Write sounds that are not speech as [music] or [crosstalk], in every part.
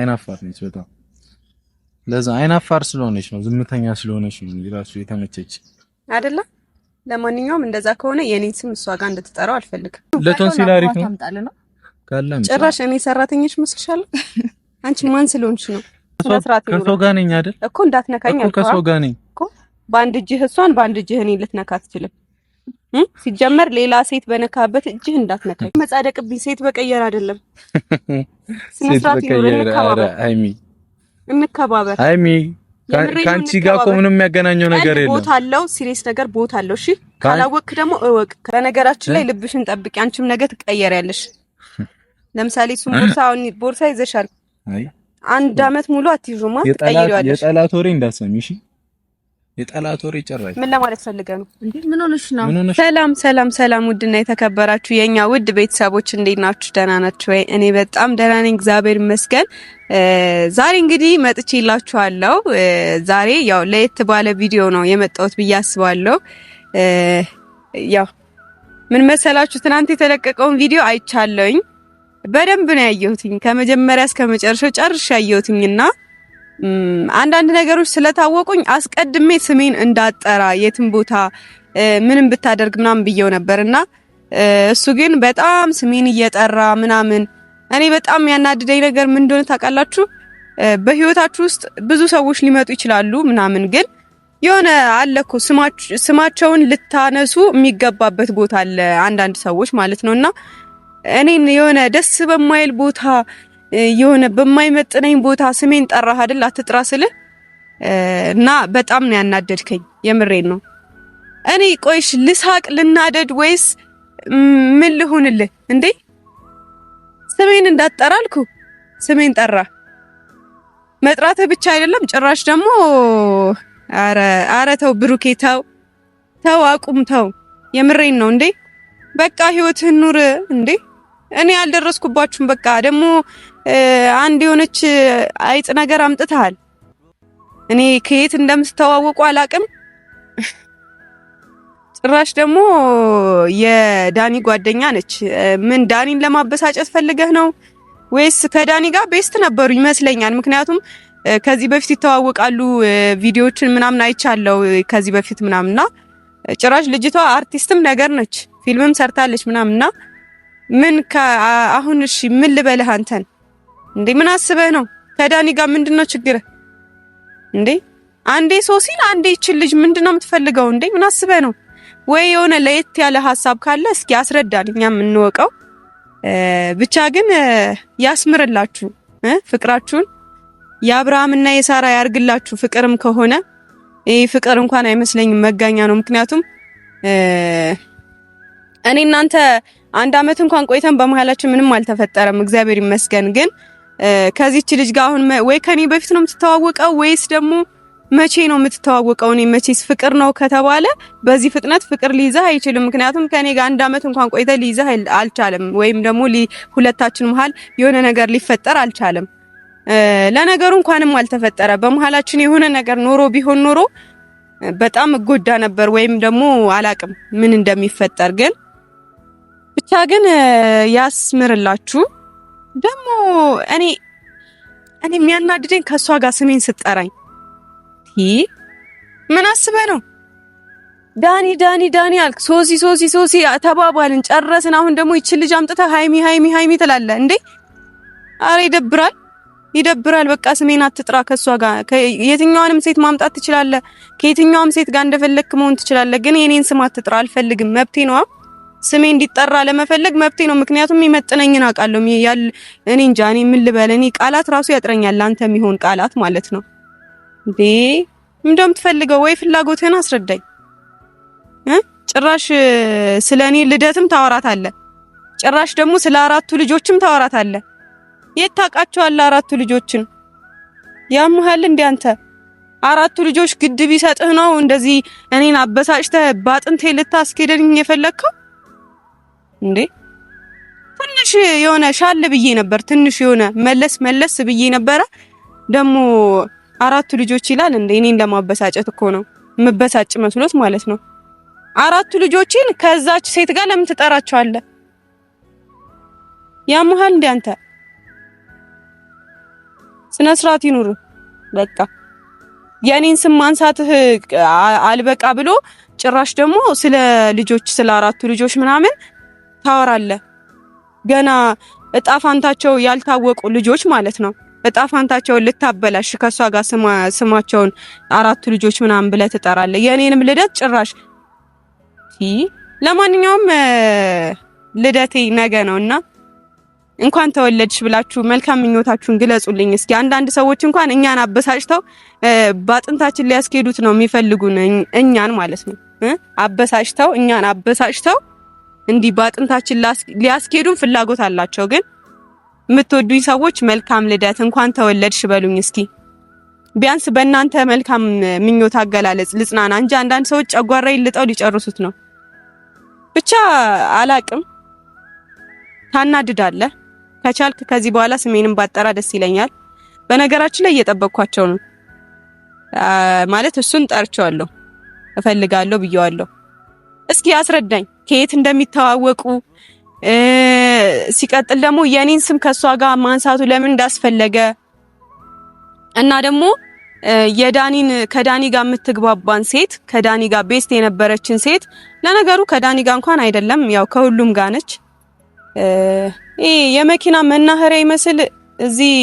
አይናፋር ነች በጣም ለዛ አይናፋር ስለሆነች ነው፣ ዝምተኛ ስለሆነች ነው ራሱ የተመቸች አይደለ። ለማንኛውም እንደዛ ከሆነ የኔን ስም እሷ ጋር እንድትጠራው አልፈልግም። ለቶንሲል አሪፍ ነው ካለም ጭራሽ እኔ ሰራተኞች መስልሻል [laughs] አንቺ ማን ስለሆንሽ ነው? ከሰው ጋር ነኝ አይደል እኮ እንዳትነካኝ አልኳ ከሰው ጋር ነኝ እኮ። በአንድ እጅህ እሷን በአንድ እጅህ እኔን ልትነካ አትችልም። ሲጀመር ሌላ ሴት በነካበት እጅህ እንዳትነካኝ። መጻደቅብኝ ሴት በቀየር አይደለም [laughs] እንከባበር። ሀይሚ ከአንቺ ጋር እኮ ምንም የሚያገናኘው ነገር የለም። ቦታ አለው፣ ሲሪየስ ነገር ቦታ አለው። እሺ ካላወቅክ ደግሞ እወቅ። በነገራችን ላይ ልብሽን ጠብቂ፣ አንቺም ነገ ትቀየሪያለሽ። [laughs] ለምሳሌ እሱም ቦርሳ ቦርሳ ይዘሻል። አንድ አመት ሙሉ አትይዙማ፣ ትቀይሪዋለሽ። የጠላት ወሬ እንዳትሰሚ እሺ የጠላት ወሬ ጭራሽ ምን ለማለት ፈልገ ነው እንዴ? ምን ሆነሽ ነው? ሰላም ሰላም ሰላም! ውድና የተከበራችሁ የኛ ውድ ቤተሰቦች እንዴት ናችሁ? ደህና ናችሁ ወይ? እኔ በጣም ደህና ነኝ፣ እግዚአብሔር ይመስገን። ዛሬ እንግዲህ መጥቼላችኋለሁ። ዛሬ ያው ለየት ባለ ቪዲዮ ነው የመጣሁት ብዬ አስባለሁ። ያው ምን መሰላችሁ፣ ትናንት የተለቀቀውን ቪዲዮ አይቻለሁኝ። በደንብ ነው ያየሁትኝ ከመጀመሪያ እስከ መጨረሻው ጨርሻ ያየሁትኝና አንዳንድ ነገሮች ስለታወቁኝ አስቀድሜ ስሜን እንዳጠራ የትም ቦታ ምንም ብታደርግ ምናምን ብየው እና እሱ ግን በጣም ስሜን እየጠራ ምናምን እኔ በጣም ያናድደኝ ነገር ምን እንደሆነ ታውቃላችሁ? በህይወታችሁ ውስጥ ብዙ ሰዎች ሊመጡ ይችላሉ ምናምን ግን የሆነ አለኮ ስማቸውን ልታነሱ የሚገባበት ቦታ አለ፣ አንዳንድ ሰዎች ማለት እና እኔን የሆነ ደስ በማይል ቦታ የሆነ በማይመጥነኝ ቦታ ስሜን ጠራህ አይደል አትጥራ ስልህ እና በጣም ነው ያናደድከኝ። የምሬን ነው። እኔ ቆይሽ ልሳቅ ልናደድ ወይስ ምን ልሁንልህ እንዴ? ስሜን እንዳትጠራልኩ ስሜን ጠራ። መጥራት ብቻ አይደለም ጭራሽ ደግሞ አረ አረ ተው ብሩኬ ተው ተው አቁም ተው። የምሬን ነው እንዴ በቃ ህይወትህን ኑር እንዴ እኔ አልደረስኩባችሁም በቃ ደግሞ አንድ የሆነች አይጥ ነገር አምጥተሃል። እኔ ከየት እንደምትተዋወቁ አላቅም። ጭራሽ ደግሞ የዳኒ ጓደኛ ነች። ምን ዳኒን ለማበሳጨት ፈልገህ ነው ወይስ ከዳኒ ጋር ቤስት ነበሩ ይመስለኛል። ምክንያቱም ከዚህ በፊት ይተዋወቃሉ፣ ቪዲዮዎችን ምናምን አይቻለው ከዚህ በፊት ምናምንና ጭራሽ ልጅቷ አርቲስትም ነገር ነች፣ ፊልምም ሰርታለች ምናምንና ምን አሁን እሺ፣ ምን ልበልህ አንተን? እንዴ ምን አስበህ ነው? ከዳኒ ጋር ምንድነው ችግር እንዴ? አንዴ ሶሲን አንዴ ይችን ልጅ ምንድነው የምትፈልገው እንዴ? ምን አስበህ ነው? ወይ የሆነ ለየት ያለ ሀሳብ ካለ እስኪ አስረዳን፣ እኛ የምንወቀው ብቻ። ግን ያስምርላችሁ ፍቅራችሁን፣ የአብርሃምና የሳራ ያርግላችሁ። ፍቅርም ከሆነ ይህ ፍቅር እንኳን አይመስለኝም መጋኛ ነው። ምክንያቱም እኔ እናንተ አንድ አመት እንኳን ቆይተን በመሀላችን ምንም አልተፈጠረም፣ እግዚአብሔር ይመስገን። ግን ከዚች ልጅ ጋር አሁን ወይ ከኔ በፊት ነው የምትተዋወቀው ወይስ ደግሞ መቼ ነው የምትተዋወቀው? እኔ መቼስ ፍቅር ነው ከተባለ በዚህ ፍጥነት ፍቅር ሊይዘህ አይችልም። ምክንያቱም ከኔ ጋር አንድ አመት እንኳን ቆይተህ ሊይዘህ አልቻለም፣ ወይም ደግሞ ሁለታችን መሀል የሆነ ነገር ሊፈጠር አልቻለም። ለነገሩ እንኳንም አልተፈጠረ። በመሀላችን የሆነ ነገር ኖሮ ቢሆን ኖሮ በጣም እጎዳ ነበር፣ ወይም ደግሞ አላቅም ምን እንደሚፈጠር ግን ብቻ ግን ያስምርላችሁ። ደግሞ እኔ እኔ የሚያናድደኝ ከእሷ ጋር ስሜን ስጠራኝ ምን አስበ ነው ዳኒ ዳኒ ዳኒ አልክ። ሶሲ ሶሲ ሶሲ ተባባልን፣ ጨረስን። አሁን ደግሞ ይችን ልጅ አምጥተህ ሀይሚ ሀይሚ ሀይሚ ትላለህ እንዴ? አረ ይደብራል፣ ይደብራል። በቃ ስሜን አትጥራ። ከእሷ ጋር የትኛዋንም ሴት ማምጣት ትችላለህ፣ ከየትኛዋም ሴት ጋር እንደፈለግክ መሆን ትችላለህ። ግን የኔን ስም አትጥራ። አልፈልግም፣ መብቴ ነው። ስሜ እንዲጠራ ለመፈለግ መብቴ ነው። ምክንያቱም ይመጥነኝን አውቃለሁ። ያል እኔ እንጃ እኔ ምን ልበል። እኔ ቃላት ራሱ ያጥረኛል። አንተ የሚሆን ቃላት ማለት ነው እንዴ ትፈልገው ወይ ፍላጎትህን አስረዳኝ። ጭራሽ ስለ እኔ ልደትም አለ። ጭራሽ ደግሞ ስለ አራቱ ልጆችም አለ። የት ታውቃቸዋለህ አራቱ ልጆችን? ያሙሃል እንዴ አንተ? አራቱ ልጆች ግድ ቢሰጥህ ነው እንደዚህ እኔን አበሳጭተህ ባጥንቴ ልታስኬደኝ የፈለግከው? እንዴ ትንሽ የሆነ ሻል ብዬ ነበር። ትንሽ የሆነ መለስ መለስ ብዬ ነበረ። ደግሞ አራቱ ልጆች ይላል እንዴ እኔን ለማበሳጨት እኮ ነው የምበሳጭ መስሎት ማለት ነው። አራቱ ልጆችን ከዛች ሴት ጋር ለምን ትጠራቸዋለህ? ያመሃል እንዴ አንተ? ስነ ስርዓት ይኑር። በቃ የኔን ስም ማንሳትህ አልበቃ ብሎ ጭራሽ ደግሞ ስለ ልጆች ስለ አራቱ ልጆች ምናምን ታወራለህ። ገና እጣፋንታቸው ያልታወቁ ልጆች ማለት ነው። እጣፋንታቸው ልታበላሽ ከእሷ ጋር ስማቸውን አራቱ ልጆች ምናምን ብለህ ትጠራለህ። የእኔንም ልደት ጭራሽ። ለማንኛውም ልደቴ ነገ ነው እና እንኳን ተወለድሽ ብላችሁ መልካም ምኞታችሁን ግለጹልኝ። እስኪ አንዳንድ ሰዎች እንኳን እኛን አበሳጭተው በአጥንታችን ሊያስኬዱት ነው የሚፈልጉን እኛን ማለት ነው አበሳጭተው እኛን አበሳጭተው እንዲህ በአጥንታችን ሊያስኬዱን ፍላጎት አላቸው። ግን የምትወዱኝ ሰዎች መልካም ልደት፣ እንኳን ተወለድሽ በሉኝ እስኪ። ቢያንስ በእናንተ መልካም ምኞት አገላለጽ ልጽናና እንጂ አንዳንድ ሰዎች ጨጓራ ይልጠው ሊጨርሱት ነው። ብቻ አላቅም፣ ታናድዳለ። ከቻልክ ከዚህ በኋላ ስሜንም ባጠራ ደስ ይለኛል። በነገራችን ላይ እየጠበቅኳቸው ነው ማለት እሱን ጠርቸዋለሁ፣ እፈልጋለሁ ብየዋለሁ። እስኪ አስረዳኝ ከየት እንደሚተዋወቁ ሲቀጥል ደግሞ የኔን ስም ከሷ ጋር ማንሳቱ ለምን እንዳስፈለገ እና ደግሞ የዳኒን ከዳኒ ጋር የምትግባባን ሴት ከዳኒ ጋር ቤስት የነበረችን ሴት ለነገሩ ከዳኒ ጋር እንኳን አይደለም ያው ከሁሉም ጋር ነች። የመኪና መናኸሪያ ይመስል እዚህ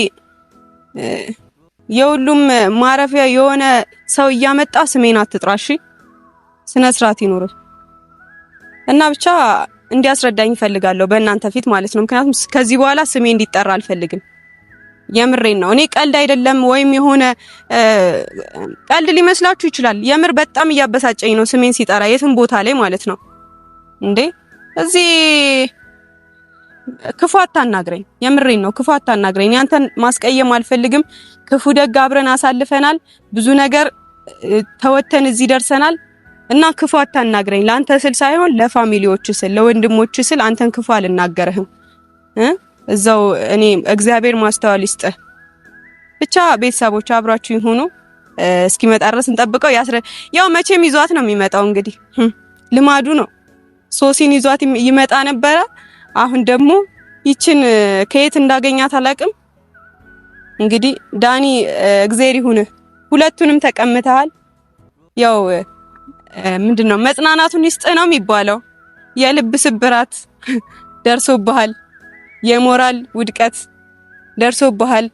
የሁሉም ማረፊያ የሆነ ሰው እያመጣ ስሜን አትጥራሽ። ስነ ስርዓት እና ብቻ እንዲያስረዳኝ እፈልጋለሁ በእናንተ ፊት ማለት ነው። ምክንያቱም ከዚህ በኋላ ስሜ እንዲጠራ አልፈልግም። የምሬን ነው። እኔ ቀልድ አይደለም ወይም የሆነ ቀልድ ሊመስላችሁ ይችላል። የምር በጣም እያበሳጨኝ ነው ስሜን ሲጠራ የትም ቦታ ላይ ማለት ነው። እንዴ እዚህ ክፉ አታናግረኝ። የምሬን ነው። ክፉ አታናግረኝ። አንተን ማስቀየም አልፈልግም። ክፉ ደግ አብረን አሳልፈናል። ብዙ ነገር ተወተን እዚህ ደርሰናል። እና ክፉ አታናግረኝ። ለአንተ ስል ሳይሆን ለፋሚሊዎች ስል ለወንድሞች ስል አንተን ክፉ አልናገርህም። እዛው እኔ እግዚአብሔር ማስተዋል ይስጥ። ብቻ ቤተሰቦች አብራችሁ ይሁኑ። እስኪመጣ ድረስ እንጠብቀው። ያስረ ያው መቼም ይዟት ነው የሚመጣው። እንግዲህ ልማዱ ነው። ሶሲን ይዟት ይመጣ ነበረ። አሁን ደግሞ ይችን ከየት እንዳገኛት አላቅም። እንግዲህ ዳኒ እግዜር ይሁን፣ ሁለቱንም ተቀምተሃል ያው ምንድን ነው መጽናናቱን ይስጥ ነው የሚባለው። የልብ ስብራት ደርሶብሃል፣ የሞራል ውድቀት ደርሶብሃል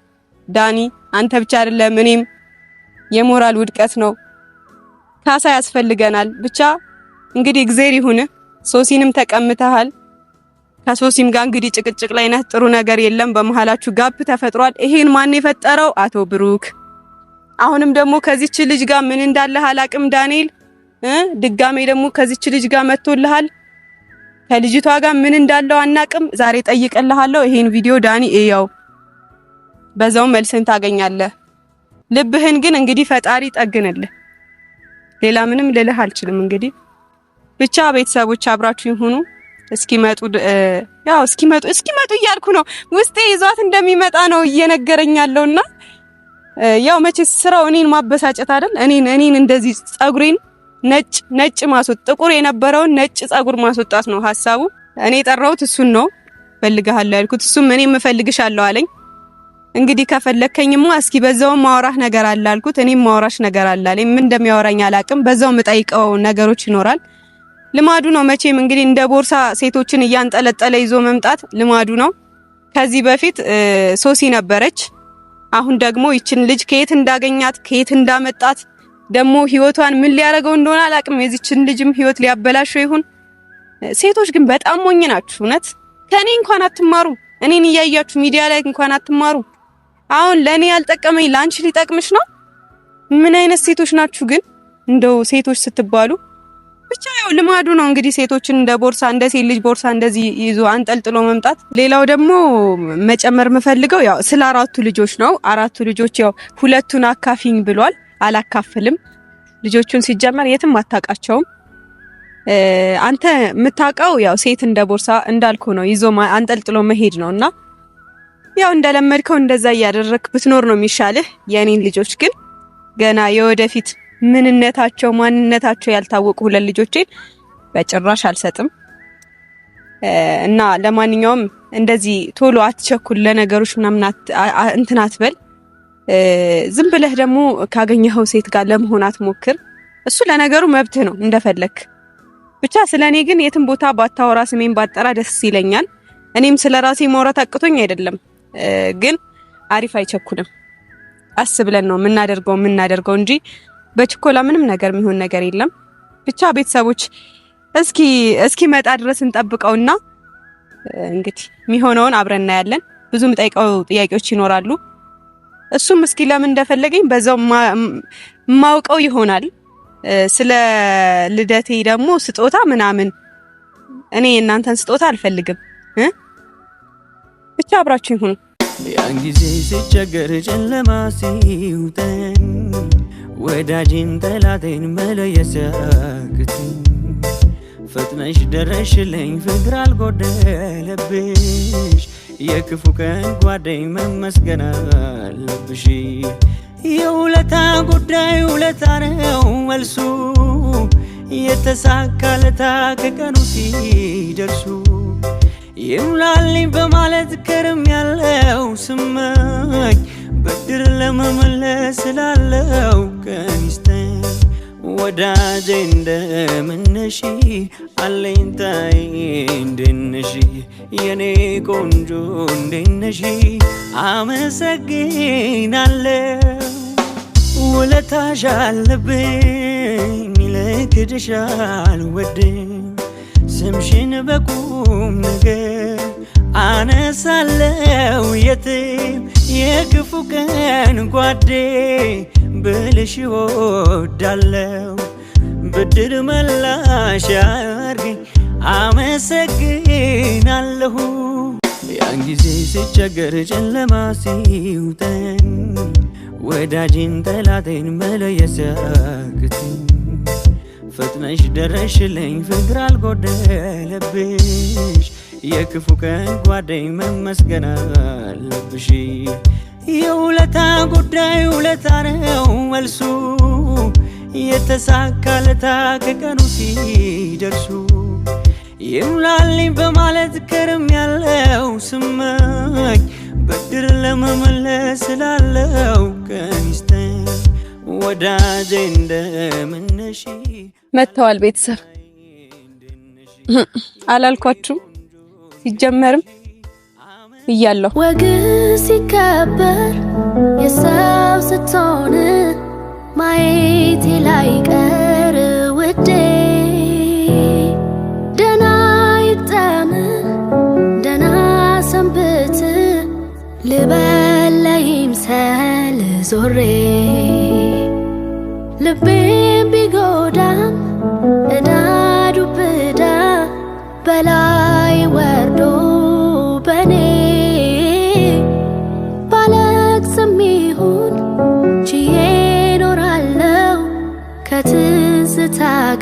ዳኒ። አንተ ብቻ አይደለም እኔም የሞራል ውድቀት ነው። ካሳ ያስፈልገናል። ብቻ እንግዲህ እግዜር ይሁን። ሶሲንም ተቀምተሃል። ከሶሲም ጋር እንግዲህ ጭቅጭቅ ላይ ነህ። ጥሩ ነገር የለም። በመሀላችሁ ጋፕ ተፈጥሯል። ይሄን ማን የፈጠረው? አቶ ብሩክ። አሁንም ደግሞ ከዚች ልጅ ጋር ምን እንዳለህ አላቅም ዳንኤል ድጋሜ ደግሞ ከዚች ልጅ ጋር መጥቶልሃል። ከልጅቷ ጋር ምን እንዳለው አናቅም። ዛሬ ጠይቀልሃለሁ። ይሄን ቪዲዮ ዳኒ እያው፣ በዛው መልስን ታገኛለህ። ልብህን ግን እንግዲህ ፈጣሪ ጠግንልህ። ሌላ ምንም ልልህ አልችልም። እንግዲህ ብቻ ቤተሰቦች አብራችሁ ይሁኑ። እስኪመጡ ያው እስኪመጡ እስኪመጡ እያልኩ ነው። ውስጤ ይዟት እንደሚመጣ ነው እየነገረኝ ያለውና ያው መቼ ስራው እኔን ማበሳጨት አይደል? እኔን እኔን እንደዚህ ጸጉሬን ነጭ ነጭ ማስወጥ ጥቁር የነበረውን ነጭ ጸጉር ማስወጣት ነው ሀሳቡ። እኔ የጠራሁት እሱን ነው ፈልግሃለሁ ያልኩት። እሱም እኔም የምፈልግሻለሁ አለኝ። እንግዲህ ከፈለከኝማ እስኪ በዛው ማውራህ ነገር አለ አልኩት። እኔም ማውራሽ ነገር አለ አለኝ። ምን እንደሚያወራኝ አላቅም። በዛው የምጠይቀው ነገሮች ይኖራል። ልማዱ ነው መቼም እንግዲህ እንደ ቦርሳ ሴቶችን እያንጠለጠለ ይዞ መምጣት ልማዱ ነው። ከዚህ በፊት ሶሲ ነበረች። አሁን ደግሞ ይችን ልጅ ከየት እንዳገኛት ከየት እንዳመጣት ደግሞ ህይወቷን ምን ሊያደርገው እንደሆነ አላቅም። የዚችን ልጅም ህይወት ሊያበላሸው ይሁን። ሴቶች ግን በጣም ሞኝ ናችሁ። እውነት ከኔ እንኳን አትማሩ። እኔን እያያችሁ ሚዲያ ላይ እንኳን አትማሩ። አሁን ለኔ ያልጠቀመኝ ላንቺ ሊጠቅምሽ ነው። ምን አይነት ሴቶች ናችሁ ግን? እንደው ሴቶች ስትባሉ ብቻ ያው ልማዱ ነው እንግዲህ ሴቶችን እንደ ቦርሳ እንደ ሴት ልጅ ቦርሳ እንደዚህ ይዞ አንጠልጥሎ መምጣት። ሌላው ደግሞ መጨመር የምፈልገው ያው ስለ አራቱ ልጆች ነው። አራቱ ልጆች ያው ሁለቱን አካፊኝ ብሏል። አላካፍልም። ልጆቹን ሲጀመር የትም አታውቃቸውም። አንተ የምታውቀው ያው ሴት እንደ ቦርሳ እንዳልኩ ነው፣ ይዞ አንጠልጥሎ መሄድ ነው እና ያው እንደለመድከው እንደዛ እያደረግ ብትኖር ነው የሚሻልህ። የእኔን ልጆች ግን ገና የወደፊት ምንነታቸው ማንነታቸው ያልታወቁ ሁለት ልጆቼን በጭራሽ አልሰጥም እና ለማንኛውም እንደዚህ ቶሎ አትቸኩል፣ ለነገሮች ምናምን እንትን አትበል። ዝም ብለህ ደግሞ ካገኘኸው ሴት ጋር ለመሆን አትሞክር። እሱ ለነገሩ መብትህ ነው እንደፈለክ። ብቻ ስለ እኔ ግን የትም ቦታ ባታወራ ስሜን ባጠራ ደስ ይለኛል። እኔም ስለ ራሴ ማውራት አቅቶኝ አይደለም፣ ግን አሪፍ አይቸኩልም። አስ ብለን ነው የምናደርገው የምናደርገው እንጂ በችኮላ ምንም ነገር የሚሆን ነገር የለም። ብቻ ቤተሰቦች እስኪ እስኪ መጣ ድረስ እንጠብቀውና እንግዲህ የሚሆነውን አብረን እናያለን። ብዙ የምጠይቀው ጥያቄዎች ይኖራሉ። እሱም እስኪ ለምን እንደፈለገኝ በዛው ማውቀው ይሆናል። ስለ ልደቴ ደግሞ ስጦታ ምናምን እኔ የእናንተን ስጦታ አልፈልግም። ብቻ አብራችሁ ይሁኑ። ያን ጊዜ ሲቸገር ጨለማ ሲውጠን ወዳጅን ጠላቴን መለየሰክት ሲያቅተኝ ፈጥነሽ ደረሽልኝ፣ ፍቅር አልጎደለብሽ የክፉ ቀን ጓደኝ መመስገን አለብሽ። የውለታ ጉዳይ ውለታ ነው መልሱ ለታ ከቀኑ ሲደርሱ ይሙላልኝ በማለት ከርም ያለው ስመኝ ብድር ለመመለስ ስላለው ቀን ወዳጄ እንደምንሽ አለኝታዬ እንዴነሽ የኔ ቆንጆ እንዴነሽ አመሰግናለሁ ውለታሽ አለብኝ ልክድሽ አልወድም ስምሽን በቁም ነገር አነሳለው የትም የክፉ ቀን ጓዴ ብልሽ ወዳለው ብድር መላሽ ያርገኝ አመሰግናለሁ። ያን ጊዜ ስቸገር ጨለማ ሲውጠን ወዳጅን ጠላቴን መለየ ሲያቅተኝ ፈጥነሽ ደረሽልኝ ፍቅር አልጎደለብሽ የክፉ ቀን ጓደኝ መመስገን አለብሽ የውለታ ጉዳይ ውለታ ነው መልሱ የተሳካለታ ከቀኑ ሲደርሱ ይሙላልኝ በማለት ከርም ያለው ስመኝ ብድር ለመመለስ ስላለው ቀኒስተኝ ወዳጄ እንደምነሽ መጥተዋል ቤተሰብ አላልኳችሁ ሲጀመርም ብያለሁ። ወግ ሲከበር የሰው ስትሆን ማየቴ ላይቀር ውዴ ደና ይግጠም ደና ሰንብት ልበል ለይምሰል ዞሬ ልቤም ቢጎዳም እዳ በላይ ወርዶ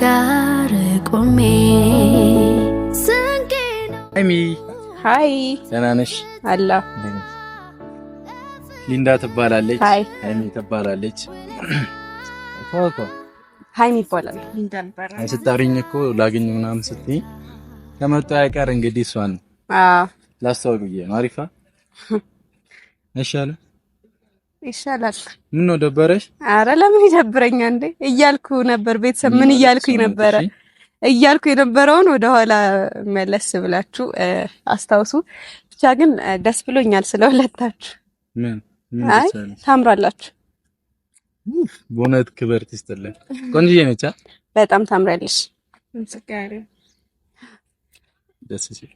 ጋር ቆሜ ስንቄ ነው። ሀይ፣ ደህና ነሽ? አላ ሊንዳ ትባላለች። ሀይሚ ትባላለች። ሀይሚ ይባላል። ሊንዳ እኮ ላግኝ ምናምን ስትይ ከመጣ ያቀር እንግዲህ እሷን ላስተዋውቅ ነው። አሪፋ [laughs] ይሻላል። ምን ነው ደበረሽ? አረ ለምን ይደብረኛ እንዴ እያልኩ ነበር። ቤተሰብ ምን እያልኩኝ ነበረ እያልኩ የነበረውን ወደኋላ መለስ ብላችሁ አስታውሱ። ብቻ ግን ደስ ብሎኛል ስለሁለታችሁ። ምን አይ ታምራላችሁ፣ በእውነት ክብር ትስጥልን። ቆንጆዬ ነች፣ በጣም ታምራለሽ። ደስ ሲል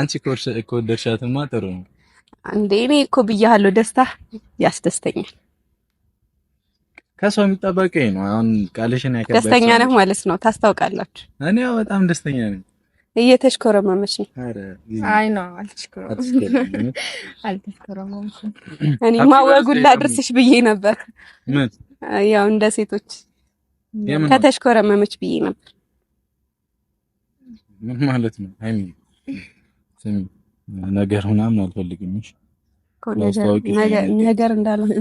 አንቺ ከወደድሻትማ ጥሩ ነው። አንዴ እኔ እኮ ብያለሁ፣ ደስታ ያስደስተኛል። ከሰው የሚጠበቀኝ ነው። አሁን ቃልሽን ያከበረ ደስተኛ ነህ ማለት ነው። ታስታውቃላችሁ። እኔ በጣም ደስተኛ ነኝ። እየተሽኮረመመች ነው። አይ ነው አልተሽኮረመመችም። እኔ ወጉን ላድርስሽ ብዬ ነበር። ምን ያው እንደ ሴቶች ከተሽኮረመመች ብዬ ነበር። ምን ማለት ነው? አይ ነገር ምናምን አልፈልግም። እሺ ነገር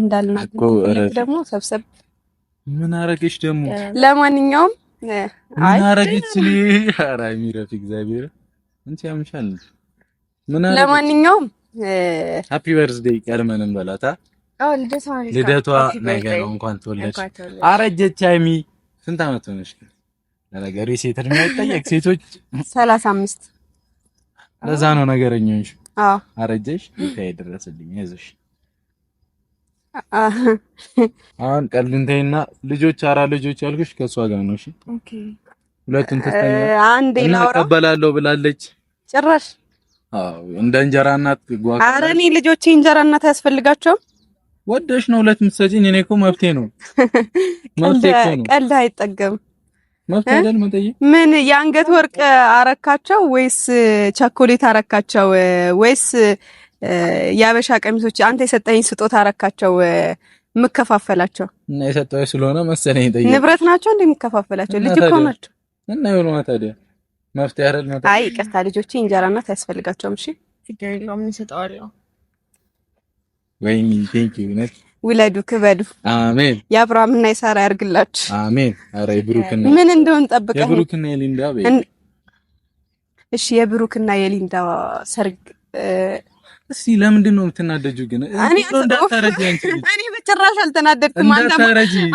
እንዳልና ደግሞ ሰብሰብ ምን አረገች ደግሞ? ለማንኛውም ምን አረገች? ኧረ የሚረፍ እግዚአብሔር እንት ያምሻል። ምን ለማንኛውም ሃፒ በርዝዴይ ቀድመንም በላታ። አዎ ልደቷ ልደቷ ነገር እንኳን ተወለድሽ። አረጀች ሃይሚ ስንት አመት ሆነሽ? ለነገሩ የሴት እድሜ አይጠየቅ ሴቶች ሰላሳ አምስት ለዛ ነው ነገረኝ አረጀሽ ጌታ ይደረስልኝ ይዘሽ አሁን ቀልንተይና ልጆች አራ ልጆች ያልኩሽ ከእሷ ጋር ነው እሺ ኦኬ ሁለቱን ተስተኛ አንዴ ላውራ እቀበላለሁ ብላለች ጭራሽ አዎ እንደ እንጀራ እናት ጓጓ ኧረ እኔ ልጆቼ እንጀራ እናት አያስፈልጋቸውም ወደሽ ነው ሁለት ምትሰጪኝ እኔ እኮ መብቴ ነው [laughs] መብቴ ነው ቀልድ አይጠገም ምን የአንገት ወርቅ አረካቸው ወይስ ቸኮሌት አረካቸው ወይስ የአበሻ ቀሚሶች አንተ የሰጠኝ ስጦታ አረካቸው? የምከፋፈላቸው እና የሰጠው ስለሆነ መሰለኝ ጠይቅ። ንብረት ናቸው እንዴ የምከፋፈላቸው? ልጅ እኮ ናቸው እና ይሁን ማለት አይደል መፍትሄ አይደል ማለት አይ፣ ይቅርታ ልጆቼ እንጀራ እናት አያስፈልጋቸውም። እሺ፣ ችግር የለውም እሰጠዋለሁ። ወይኔ ቴንኪው ነት ውለዱ ክበዱ። አሜን። የአብርሃምና የሳራ ያርግላችሁ። አሜን። አረ የብሩክና ምን እንደሆን ጠብቀን የብሩክና የሊንዳ እሺ፣ የብሩክና የሊንዳ ሰርግ እስቲ ለምንድን ነው የምትናደጂው? ግን እኔ በጭራሽ አልተናደድኩም።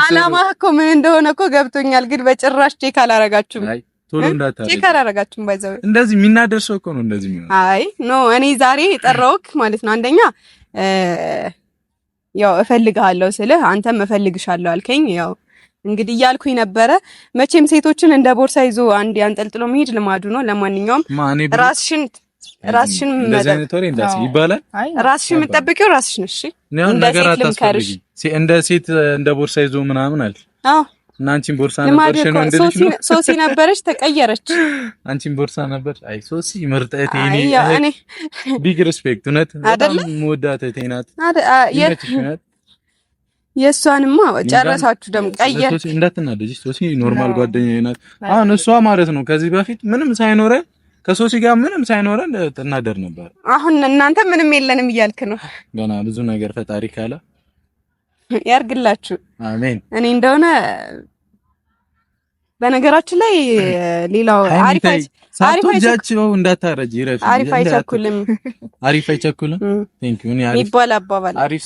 አላማ እኮ ምን እንደሆነ እኮ ገብቶኛል፣ ግን በጭራሽ ቼክ አላረጋችሁም። ቶሎ እንዳታረጂ ቼክ አላረጋችሁም። ባይዘው እንደዚህ የሚናደድ እኮ ነው እንደዚህ የሚሆነው። አይ ኖ እኔ ዛሬ የጠራሁት ማለት ነው አንደኛ ያው እፈልግሃለሁ ስልህ አንተም እፈልግሻለሁ አልከኝ። ያው እንግዲህ እያልኩኝ ነበረ። መቼም ሴቶችን እንደ ቦርሳ ይዞ አንድ ያንጠልጥሎ መሄድ ልማዱ ነው። ለማንኛውም ራስሽን ራስሽን ይባላል። ራስሽን የምጠብቂው ራስሽን። እሺ እንደ ሴት እንደ ሴት እንደ ቦርሳ ይዞ ምናምን አለ። አዎ እናንቺን ቦርሳ ነበርሽ ነው እንዴ? ሶሲ ነበረች ተቀየረች። አንቺን ቦርሳ ነበር። አይ ሶሲ ምርጥ እህቴ ነኝ። ቢግ ሪስፔክት እውነት በጣም የምወዳት እህቴ ናት። የእሷንማ ጨረሳችሁ። ደግሞ ቀየር እንዳትናደጂ። ሶሲ ኖርማል ጓደኛዬ ናት። አሁን እሷ ማለት ነው ከዚህ በፊት ምንም ሳይኖረን ከሶሲ ጋር ምንም ሳይኖረን ትናደር ነበር። አሁን እናንተ ምንም የለንም እያልክ ነው። ገና ብዙ ነገር ፈጣሪ ካለ [laughs] ያርግላችሁ። አሜን። እኔ እንደሆነ በነገራችን ላይ ሌላው አሪፍ አይቸኩልም አሪፍ አይቸኩልም የሚባል አባባል አሪፍ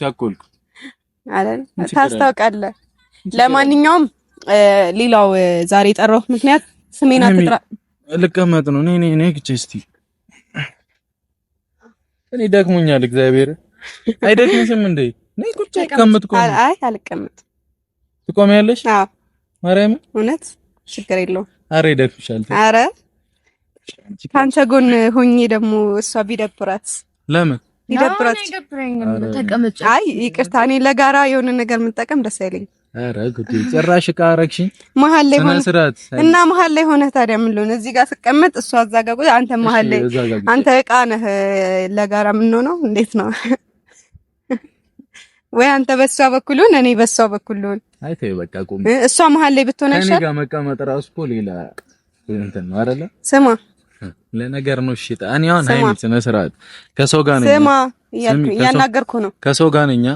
ቸኮልኩ ታስታውቃለህ። ለማንኛውም ሌላው ዛሬ የጠራሁት ምክንያት ስሜን አትጥራ። ልቀመጥ ነው። እኔ እኔ ግጭ እስቲ እኔ ደክሞኛል። እግዚአብሔር አይደክምሽም እንዴ? ነይ ቁጭ ይቀመጥ። ቆይ አይ አልቀመጥ። ትቆሚያለሽ? አዎ። ማርያም እውነት ችግር የለውም። አረ ይደክምሻል። አረ ከአንተ ጎን ሆኜ ደግሞ እሷ ቢደብራት ለምን ይደብራት? አይ ይቅርታ፣ እኔ ለጋራ የሆነ ነገር የምንጠቀም ደስ አይለኝም። አረ ጉዴ! ጭራሽ ዕቃ አረግሽኝ መሀል ላይ ሆነ እና መሀል ላይ ሆነ። ታዲያ ምን ልሆን? እዚህ ጋር ስቀመጥ እሷ እዛ አንተ መሀል ላይ አንተ ዕቃ ነህ። ለጋራ የምንሆነው እንዴት ነው? ወይ አንተ በሷ በኩል ሁን፣ እኔ በሷ በኩል ሁን። አይ ተይ በቃ ቁም። እሷ መሀል ላይ ብትሆን አይሻልም? እኔ ጋር መቀመጥ እራሱ እኮ ሌላ እንትን ነው አይደለ? ስማ ለነገር ነው እሺ። እኔ አሁን ሃይሚ ስነ ስርዓት ከሰው ጋር ነኝ። ስማ እያናገርኩህ ነው። ከሰው ጋር ነኝ።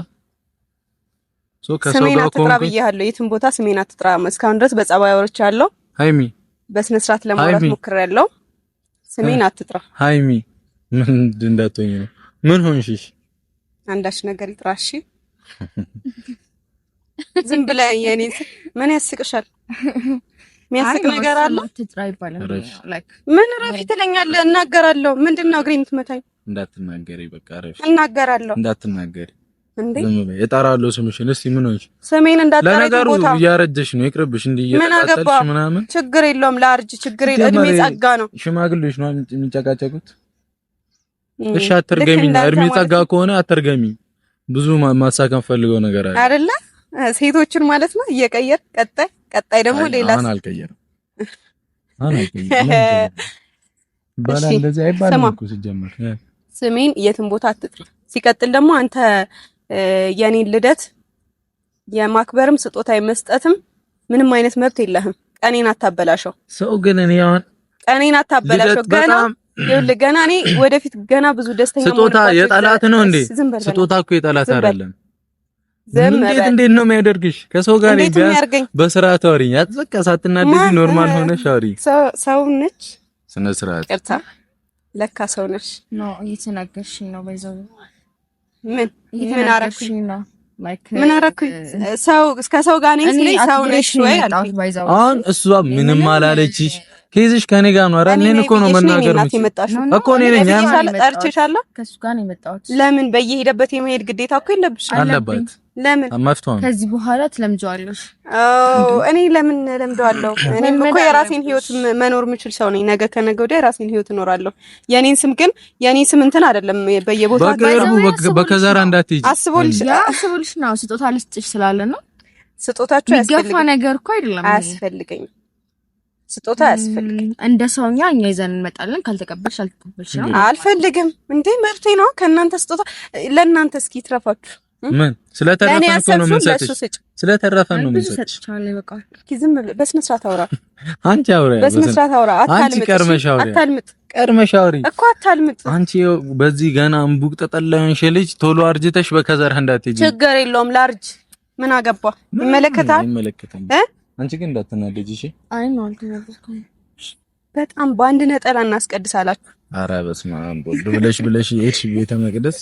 ሶ ከሰው ጋር ነው። ትጥራ ብያለሁ። የትም ቦታ ስሜን አትጥራ። እስካሁን ድረስ በጸባይ አውርቻለሁ። ሃይሚ በስነ ስርዓት ለማውራት ሞክሬያለሁ። ስሜን አትጥራ ሃይሚ። ምን እንዳትሆኝ ነው። ምን ሆንሽ? አንዳች ነገር ይጥራሽ ዝም ብላ የኔ ምን ያስቅሻል? የሚያስቅ ነገር አለ? ምን ረፊ ትለኛለህ? እናገራለሁ። ምንድን ነው እግሬ የምትመታኝ? እንዳትናገሪ በቃ ረፊ። እናገራለሁ። እንዳትናገሪ እጠራለሁ ስምሽን። ምን ለነገሩ እያረጀሽ ነው፣ ይቅርብሽ። እንዲህ ምናምን ችግር የለውም። ለአርጅ ችግር የለውም። እድሜ ጸጋ ነው። ሽማግሌዎች ነው የሚጨቃጨቁት። እሺ አትርገሚኝ። እድሜ ጸጋ ከሆነ አትርገሚኝ ብዙ ማሳካን ፈልገው ነገር አለ አይደለ? ሴቶችን ማለት ነው እየቀየር ቀጣይ ቀጣይ ደግሞ ሌላ አሁን አልቀየርም። [laughs] ስሜን የትን ቦታ አትጥሪ። ሲቀጥል ደግሞ አንተ የኔን ልደት የማክበርም ስጦታ የመስጠትም ምንም አይነት መብት የለህም። ቀኔን አታበላሸው። ሰው ግን እኔ አሁን ቀኔን አታበላሸው ገና ይኸውልህ ገና እኔ ወደፊት ገና ብዙ ደስተኛ ስጦታ የጠላት ነው እንዴ? ስጦታ እኮ የጠላት አይደለም። እንዴት እንዴት ነው የሚያደርግሽ? ከሰው ጋር ነው ቢያንስ በስርዓት አውሪኝ። አትበቃ ሳትናደጂ ኖርማል ሆነሽ አውሪኝ። ሰው ነች፣ ስነ ስርዓት ቅርታ። ለካ ሰው ነች ነው። እየተናገርሽኝ ነው። በዛው ምን ምን አደረግሽኝ ነው ምን አረኩኝ? Uh, ሰው ከሰው ጋር ነኝ። ስለይ ሰው ነሽ ወይ አሁን? እሷ ምንም አላለችሽ ኬዝሽ ከኔ ጋር ነው። አረ እኔን እኮ ነው መናገር እኮ እኔ ነኝ ጠርቼሻለሁ። ለምን በየሄደበት የመሄድ ግዴታ እኮ የለብሽም አለባት። ለምን መፍቷን ከዚህ በኋላ ትለምጀዋለሽ። እኔ ለምን ለምደዋለሁ? እኔም እኮ የራሴን ህይወት መኖር የምችል ሰው ነኝ። ነገ ከነገ ወዲያ የራሴን ህይወት እኖራለሁ። የኔን ስም ግን የኔ ስም እንትን አይደለም። በየቦታው በቅርቡ በከዘራ እንዳትሄጂ አስቦልሽ አስቦልሽ ነው ስጦታ ልስጥሽ ስላለ ነው። ስጦታችሁ ያስፈልገኝ ነገር እኮ አይደለም አያስፈልገኝም ስጦታ አያስፈልግም። እንደ ሰውኛ እኛ ይዘን እንመጣለን። ካልተቀበልሽ አልተቀበልሽ ነው። አልፈልግም እንዴ መብቴ ነው። ከእናንተ ስጦታ ለእናንተ እስኪ ትረፋችሁ። ምን ስለተረፈን ነው የምንሰጥሽ፣ ስለተረፈን ነው የምንሰጥሽ። ዝም ብለህ በስነ ስርዓት አውራ። [laughs] አንቺ አውራ፣ በስነ ስርዓት አውራ። አታልምጥ፣ አታልምጥ፣ ቀድመሽ አውሪ እኮ አታልምጥ። አንቺ በዚህ ገና እምቡቅ ተጠላዩንሽ ልጅ ቶሎ አርጅተሽ በከዘራ እንዳትሄጂ። ችግር የለውም ላርጅ፣ ምን አገባ? ይመለከታል፣ ይመለከታል አንቺ ግን እንዳትናደጂ እሺ። አይ ነው አልተናደድኩም። በጣም በአንድ ነጠላ እናስቀድስ አላችሁ። ኧረ በስመ አብ ብለሽ ብለሽ የሄድሽ ቤተ መቅደስ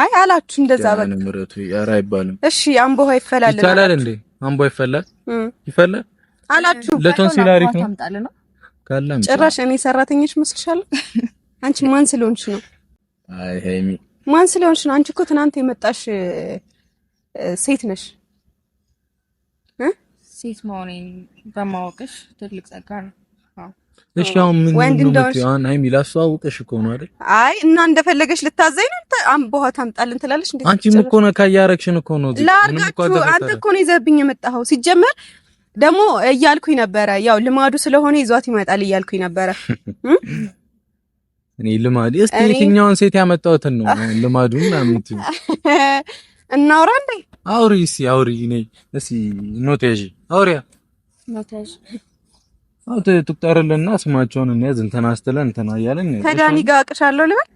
አይ አላችሁ። እንደዛ በቃ ምረቱ ኧረ አይባልም። እሺ አምቦ ይፈላል ይቻላል እንዴ? አምቦ ይፈላል ይፈላል አላችሁ። ለቶንሲል አሪፍ ነው ካላም ጭራሽ እኔ ሰራተኛሽ መስልሻለሁ። [laughs] አንቺ ማን ስለሆንሽ ነው? አይ ሄሚ ማን ስለሆንሽ ነው? አንቺ እኮ ትናንት የመጣሽ ሴት ነሽ። ሴት መሆኔን በማወቅሽ ትልቅ ጸጋ ነው። እሺ አሁን ምን እኮ ነው አይደል? አይ እና እንደፈለገች ልታዘኝ ነው። ታምጣልን ትላለች እንዴ? አንቺም እኮ እኮ ነው ላርጋችሁ። አንተ እኮ ነው ይዘብኝ የመጣኸው። ሲጀመር ደግሞ እያልኩኝ ነበረ፣ ያው ልማዱ ስለሆነ ይዟት ይመጣል እያልኩኝ ነበረ። [laughs] እኔ ልማድ እስቲ የትኛውን ሴት ያመጣሁትን ነው ልማዱ ምናምን [laughs] እናውራ እንዴ? አውሪ አውሪ። እኔ አውሪያ ማታሽ አንተ ትቁጠርልንና ስማቸውን እንያዝ እንትና ስትለን እንትና እያለን ከዳኒ ጋር አቅሻለሁ ልበል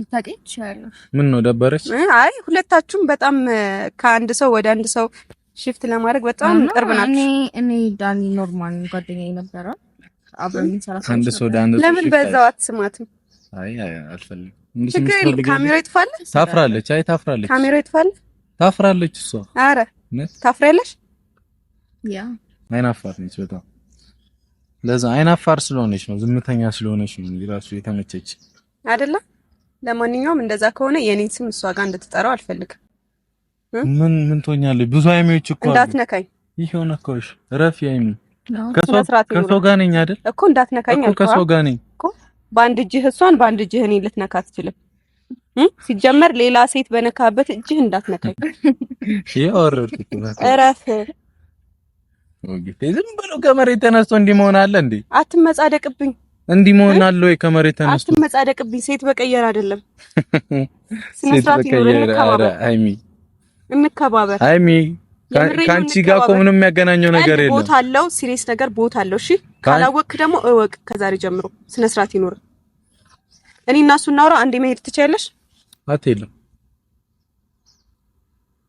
ልታውቂኝ ትችያለሽ። ምን ነው ደበረች? አይ ሁለታችሁም በጣም ከአንድ ሰው ወደ አንድ ሰው ሽፍት ለማድረግ በጣም ቅርብ ናችሁ። እኔ እኔ ዳኒ ኖርማል ጓደኛዬ ነበረ። አንድ ሰው ወደ አንድ ሰው ለምን በዛው አትስማትም? አይ አልፈልግም። ችግር የለም። ካሜራ ይጥፋል። ታፍራለች። አይ ታፍራለች። ካሜራ ይጥፋል። ታፍራለች እሷ። አረ ታፍሪያለሽ? ያ አፋር ነች በጣም ለዛ አፋር ስለሆነች ነው፣ ዝምተኛ ስለሆነች ነው ራሱ የተመቸች አይደለ። ለማንኛውም እንደዛ ከሆነ የኔን ስም እሷ ጋር እንድትጠራው አልፈልግም። ምን ምን ትሆኛለሽ? ብዙ አይሚዎች እኮ እንዳትነካኝ። ይሄው ነካሽ። እረፊ አይሚ። ከእሷ ጋር ነኝ አይደል እኮ። እንዳትነካኝ እኮ። ከእሷ ጋር ነኝ እኮ። በአንድ እጅህ እሷን በአንድ እጅህ እኔን ልትነካ አትችልም። ሲጀመር ሌላ ሴት በነካበት እጅህ እንዳትነካኝ። ያወረድኩት እረፍ። ዝም ብሎ ከመሬት ተነስቶ እንዲህ መሆን አለ እንዴ? አትመጻደቅብኝ። እንዲህ መሆን አለ ወይ ከመሬት ተነስቶ? አትመጻደቅብኝ። ሴት በቀየር አይደለም [laughs] ሴት በቀየር ይኖረን። እንከባበር አይሚ፣ እንከባበር አይሚ። ከአንቺ ጋር እኮ ምንም የሚያገናኘው ነገር የለም። ቦታ አለው፣ ሲሪየስ ነገር ቦታ አለው። እሺ ካላወቅክ ደግሞ እወቅ። ከዛሬ ጀምሮ ስነ ስርዓት ይኖረን። እኔ እና እሱ እናውራ። አንዴ መሄድ ትችያለሽ። አትሄድም።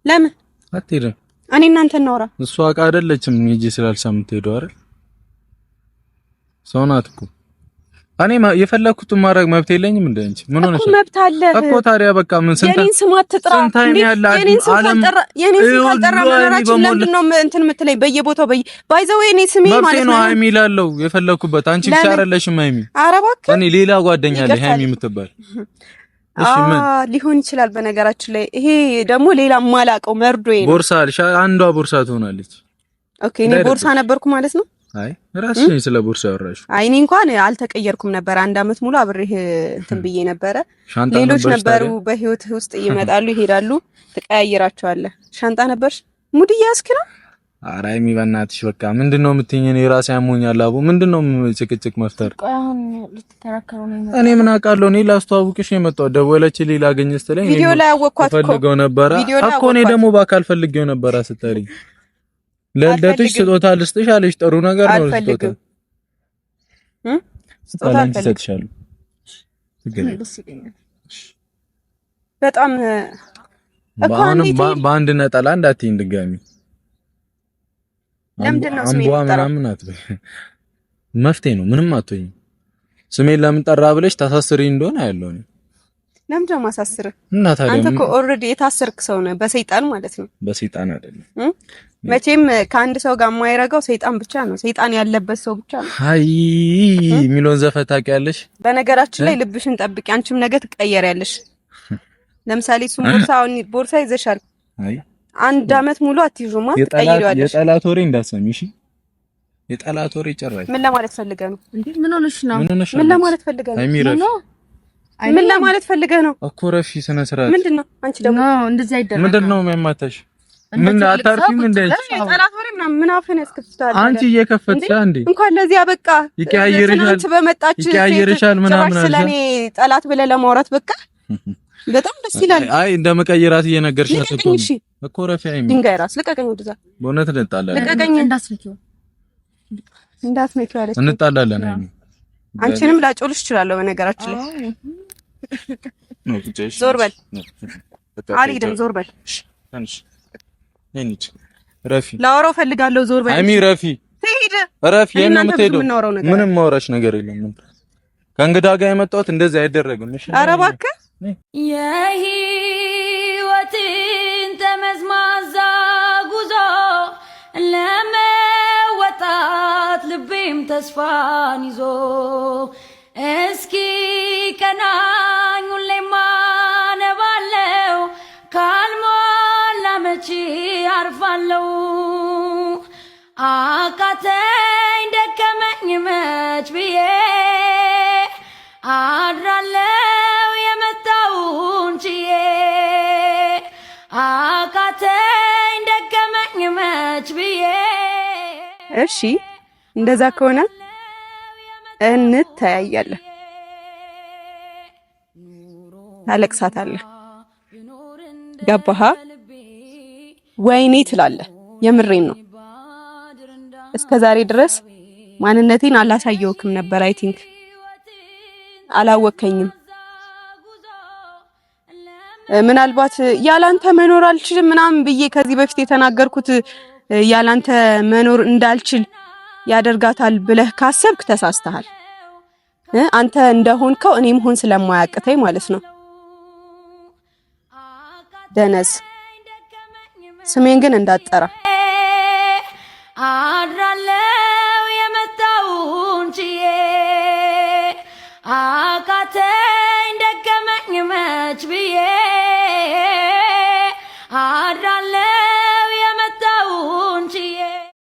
ለምን አትሄድም? እኔ እናንተ እናውራ። እሷ ዕቃ አይደለችም። ሂጂ ስላልሻ የምትሄደው አይደል? ሰው ናት እኮ እኔ የፈለኩትን ማድረግ መብት የለኝም። እንደ አንቺ ምን ሆነሽ መብት አለ እኮ ታዲያ። በቃ ምን ስንት የኔን ስም አትጥራ። የኔን ስም የኔን ስም ካልጠራ መኖራችን ለምንድን ነው እንትን የምትለኝ? በየቦታው በየ ባይዘው የኔ ስሜ ማለት ነው ሃይሚ እላለሁ የፈለኩበት። አንቺ ብቻ አይደለሽም ሃይሚ። ኧረ እባክህ እኔ ሌላ ጓደኛ አለኝ ሃይሚ የምትባል [laughs] ሊሆን ይችላል። በነገራችን ላይ ይሄ ደግሞ ሌላ ማላቀው መርዶ ነው። ቦርሳ አንዷ ቦርሳ ትሆናለች። ኦኬ እኔ ቦርሳ ነበርኩ ማለት ነው። አይ ራስሽ ስለ ቦርሳ ያወራሽ። አይ እኔ እንኳን አልተቀየርኩም ነበር። አንድ አመት ሙሉ አብሬህ እንትን ብዬ ነበረ። ሌሎች ነበሩ በህይወት ውስጥ [laughs] ይመጣሉ ይሄዳሉ፣ ትቀያይራቸዋለህ። ሻንጣ ነበርሽ። ሙድ እያስክ ነው። ኧረ ሀይሚ በእናትሽ በቃ ምንድነው የምትይኝ? እኔ ራሴ አሞኛል። አቡ ምንድነው ጭቅጭቅ መፍጠር? እኔ ምን አውቃለሁ? እኔ ላስተዋውቅሽ የመጣው ደወለችልኝ ላገኝ ስትለኝ ቪዲዮ ላይ አወቅኳት እኮ ፈልገው ነበረ እኮ እኔ ደግሞ በአካል ፈልጌው ነበረ ስትለኝ ለልደትሽ ስጦታ ልስጥሽ አለሽ። ጥሩ ነገር ነው። ስጦታ ስጦታ አልፈልግም። በጣም በአንድ ነጠላ እንዳትይኝ ድጋሚ። አምቧ ምናምን አትበይ፣ መፍትሄ ነው። ምንም አትሆኝም። ስሜን ለምን ጠራ ብለሽ ታሳስሪ እንደሆነ ያለው ነው። ለምንድን ነው ማሳስር? እና ታዲያ አንተ እኮ ኦልሬዲ የታሰርክ ሰው ነህ፣ በሰይጣን ማለት ነው። በሰይጣን አይደለም መቼም ከአንድ ሰው ጋር የማይረጋው ሰይጣን ብቻ ነው። ሰይጣን ያለበት ሰው ብቻ ነው። አይ የሚለውን ዘፈን ታውቂያለሽ? በነገራችን ላይ ልብሽን ጠብቂ፣ አንቺም ነገ ትቀየሪያለሽ። [laughs] ለምሳሌ እሱም ቦርሳ ቦርሳ ይዘሻል። አይ አንድ አመት ሙሉ አትይዙማ፣ ትቀይሪዋለሽ። የጠላት ወሬ እንዳትሰሚ እሺ። የጠላት ወሬ ጨራሽ። ምን ለማለት ፈልገ ነው እንዴ? ምን ሆነሽ ነው? ምን ምን ለማለት ፈልገ ነው? ምን ነው ምን ለማለት ፈልገ ነው እኮ ረፊ ስነ ስርዓት ምንድነው? አንቺ ደግሞ ነው እንደዚህ አይደረግ ምንድነው የሚያማታሽ ምን አታርፊም? እንደ ጠላት ወሬ ምናምን ምን አፍህን ያስከፍታል። አንቺ እየከፈትሽ እንዴ እንኳን ለዚህ አበቃ። ይቀያየርሻል፣ በመጣች ይቀያየርሻል ምናምን ስለኔ ጠላት ብለህ ለማውራት በቃ በጣም ደስ ይላል። አይ እንደ መቀየራት እየነገርሻት እኮ እኮ ረፊ አይም ድንጋይ ራስ ልቀቀኝ፣ ወደዛ በእውነት እንጣላለን። ልቀቀኝ፣ እንዳስልኪው እንዳትመኪው አለች። እንጣላለን። አይ አንቺንም ላጮልሽ እችላለሁ። በነገራችን ላይ ዞር በል፣ አልሄድም። ዞር በል እንዴ ረፊ ላወራው ፈልጋለሁ። ዞር በይ አሚ ረፊ ትሄድ ረፊ ምንም ማውራሽ ነገር የለም። ከእንግዳ ጋር የመጣሁት እንደዚህ አይደረግም። እሺ ኧረ እባክህ የህይወትን ጠመዝማዛ ጉዞ ለመወጣት ልቤም ተስፋን ይዞ እስኪ ቀና አርፋለሁ። አቃተኝ ደከመኝ መች ብዬ አድራለው የመጣውን ችዬ አቃተኝ ደከመኝ መች ብዬ። እሺ እንደዛ ከሆነ እንተያያለን። ታለቅሳታለህ። ገባህ? ወይኔ ትላለህ። የምሬን ነው። እስከ ዛሬ ድረስ ማንነቴን አላሳየውክም ነበር። አይ ቲንክ አላወከኝም። ምናልባት ያላንተ መኖር አልችልም ምናምን ብዬ ከዚህ በፊት የተናገርኩት ያላንተ መኖር እንዳልችል ያደርጋታል ብለህ ካሰብክ ተሳስተሃል። አንተ እንደሆንከው እኔም ሆን ስለማያቅተኝ ማለት ነው ደነስ ስሜን ግን እንዳጠራ አድራለው የመጣውን ችዬ